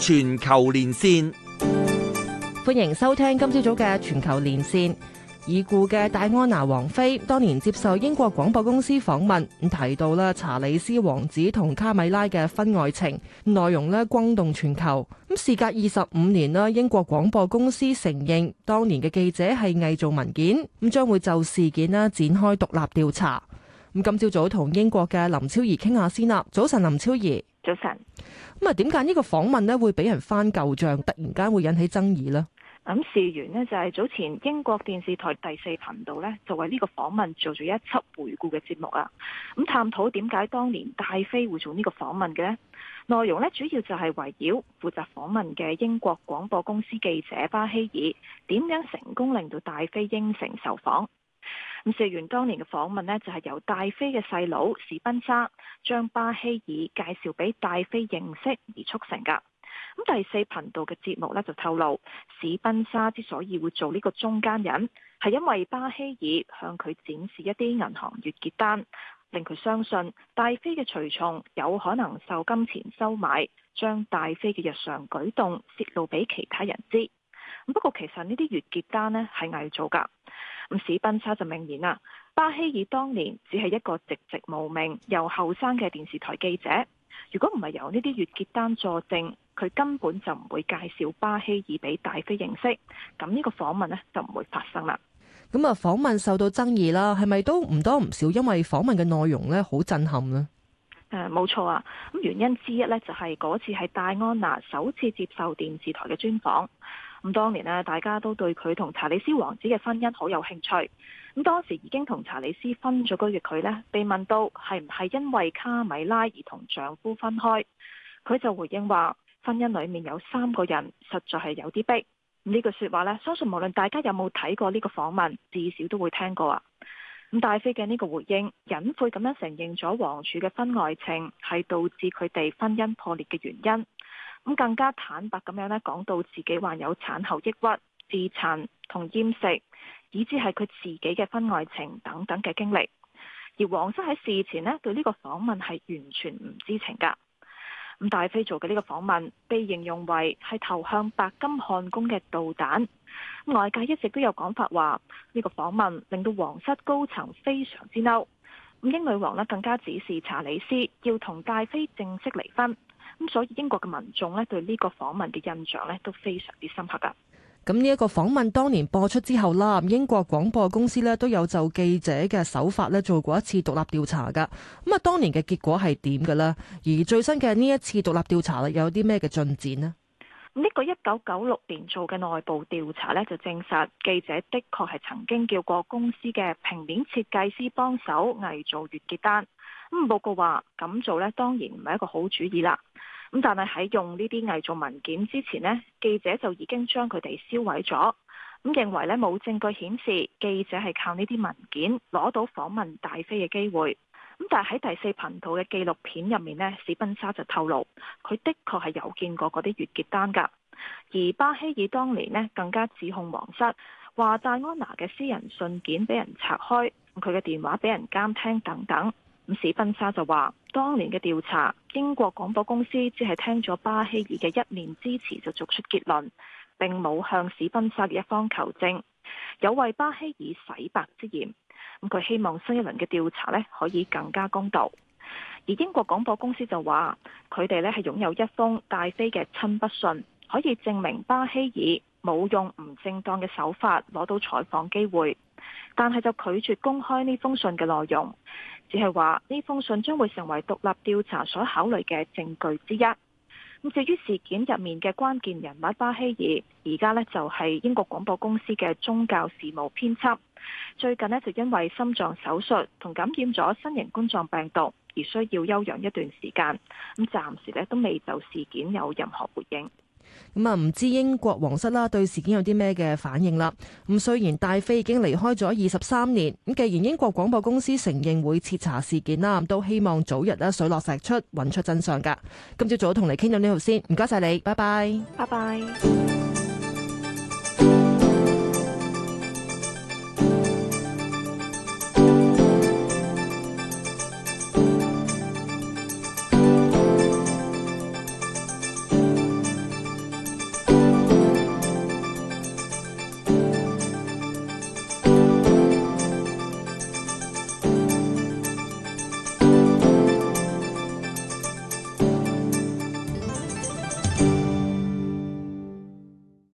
全球連線，歡迎收聽今朝早嘅全球連線。已故嘅戴安娜王妃當年接受英國廣播公司訪問，咁提到咧查理斯王子同卡米拉嘅婚外情，內容咧轟動全球。咁事隔二十五年啦，英國廣播公司承認當年嘅記者係偽造文件，咁將會就事件啦展開獨立調查。咁今朝早同英國嘅林昭儀傾下先啦。早晨，林昭儀。早晨咁啊，點解呢個訪問咧會俾人翻舊賬，突然間會引起爭議呢？咁事源咧就係早前英國電視台第四頻道咧就為呢個訪問做咗一輯回顧嘅節目啊。咁探討點解當年戴妃會做呢個訪問嘅呢？內容咧主要就係圍繞負責訪問嘅英國廣播公司記者巴希爾點樣成功令到戴妃應承受訪。咁事緣當年嘅訪問呢，就係由戴妃嘅細佬史賓莎將巴希爾介紹俾戴妃認識而促成噶。咁第四頻道嘅節目呢，就透露，史賓莎之所以會做呢個中間人，係因為巴希爾向佢展示一啲銀行月結單，令佢相信戴妃嘅隨從有可能受金錢收買，將戴妃嘅日常舉動泄露俾其他人知。不過其實呢啲月結單呢，係偽造噶。咁史賓沙就明言啦，巴希爾當年只係一個籍籍無名、又後生嘅電視台記者。如果唔係由呢啲月結單作證，佢根本就唔會介紹巴希爾俾戴妃認識。咁呢個訪問呢，就唔會發生啦。咁啊、嗯，訪問受到爭議啦，係咪都唔多唔少？因為訪問嘅內容呢，好震撼咧。誒，冇錯啊。咁原因之一呢，就係嗰次係戴安娜首次接受電視台嘅專訪。咁當年呢，大家都對佢同查理斯王子嘅婚姻好有興趣。咁當時已經同查理斯分咗居，佢呢被問到係唔係因為卡米拉而同丈夫分開，佢就回應話：婚姻裏面有三個人，實在係有啲逼。呢句説話呢，相信無論大家有冇睇過呢個訪問，至少都會聽過啊。咁戴妃嘅呢個回應，隱晦咁樣承認咗王儲嘅婚外情係導致佢哋婚姻破裂嘅原因。咁更加坦白咁樣咧，講到自己患有產後抑鬱、自殘同厭食，以至係佢自己嘅婚外情等等嘅經歷。而皇室喺事前咧，對呢個訪問係完全唔知情噶。咁戴妃做嘅呢個訪問被形容為係投向白金漢宮嘅導彈。外界一直都有講法話，呢個訪問令到皇室高層非常之嬲，英女王咧更加指示查理斯要同戴妃正式離婚。咁所以英國嘅民眾咧對呢個訪問嘅印象咧都非常之深刻噶。咁呢一個訪問當年播出之後啦，英國廣播公司咧都有就記者嘅手法咧做過一次獨立調查噶。咁啊，當年嘅結果係點嘅咧？而最新嘅呢一次獨立調查又有啲咩嘅進展呢？呢個一九九六年做嘅內部調查咧就證實記者的確係曾經叫過公司嘅平面設計師幫手偽造月結單。咁報告話咁做呢，當然唔係一個好主意啦。咁但係喺用呢啲偽造文件之前呢，記者就已經將佢哋銷毀咗。咁認為呢，冇證據顯示記者係靠呢啲文件攞到訪問戴妃嘅機會。咁但係喺第四頻道嘅紀錄片入面呢，史賓莎就透露佢的確係有見過嗰啲月結單㗎。而巴希爾當年呢，更加指控皇室話戴安娜嘅私人信件俾人拆開，佢嘅電話俾人監聽等等。咁史賓莎就話：當年嘅調查，英國廣播公司只係聽咗巴希爾嘅一面之詞，就作出結論，並冇向史賓莎嘅一方求證，有為巴希爾洗白之嫌。咁佢希望新一輪嘅調查咧可以更加公道。而英國廣播公司就話佢哋咧係擁有一封戴妃嘅親筆信，可以證明巴希爾冇用唔正當嘅手法攞到採訪機會，但係就拒絕公開呢封信嘅內容。只係話呢封信將會成為獨立調查所考慮嘅證據之一。咁至於事件入面嘅關鍵人物巴希爾，而家呢就係英國廣播公司嘅宗教事務編輯。最近呢就因為心臟手術同感染咗新型冠狀病毒而需要休養一段時間。咁暫時呢都未就事件有任何回應。咁啊，唔知英國皇室啦對事件有啲咩嘅反應啦？咁雖然戴妃已經離開咗二十三年，咁既然英國廣播公司承認會徹查事件啦，都希望早日咧水落石出，揾出真相噶。今朝早同你傾到呢度先，唔該晒你，拜拜，拜拜。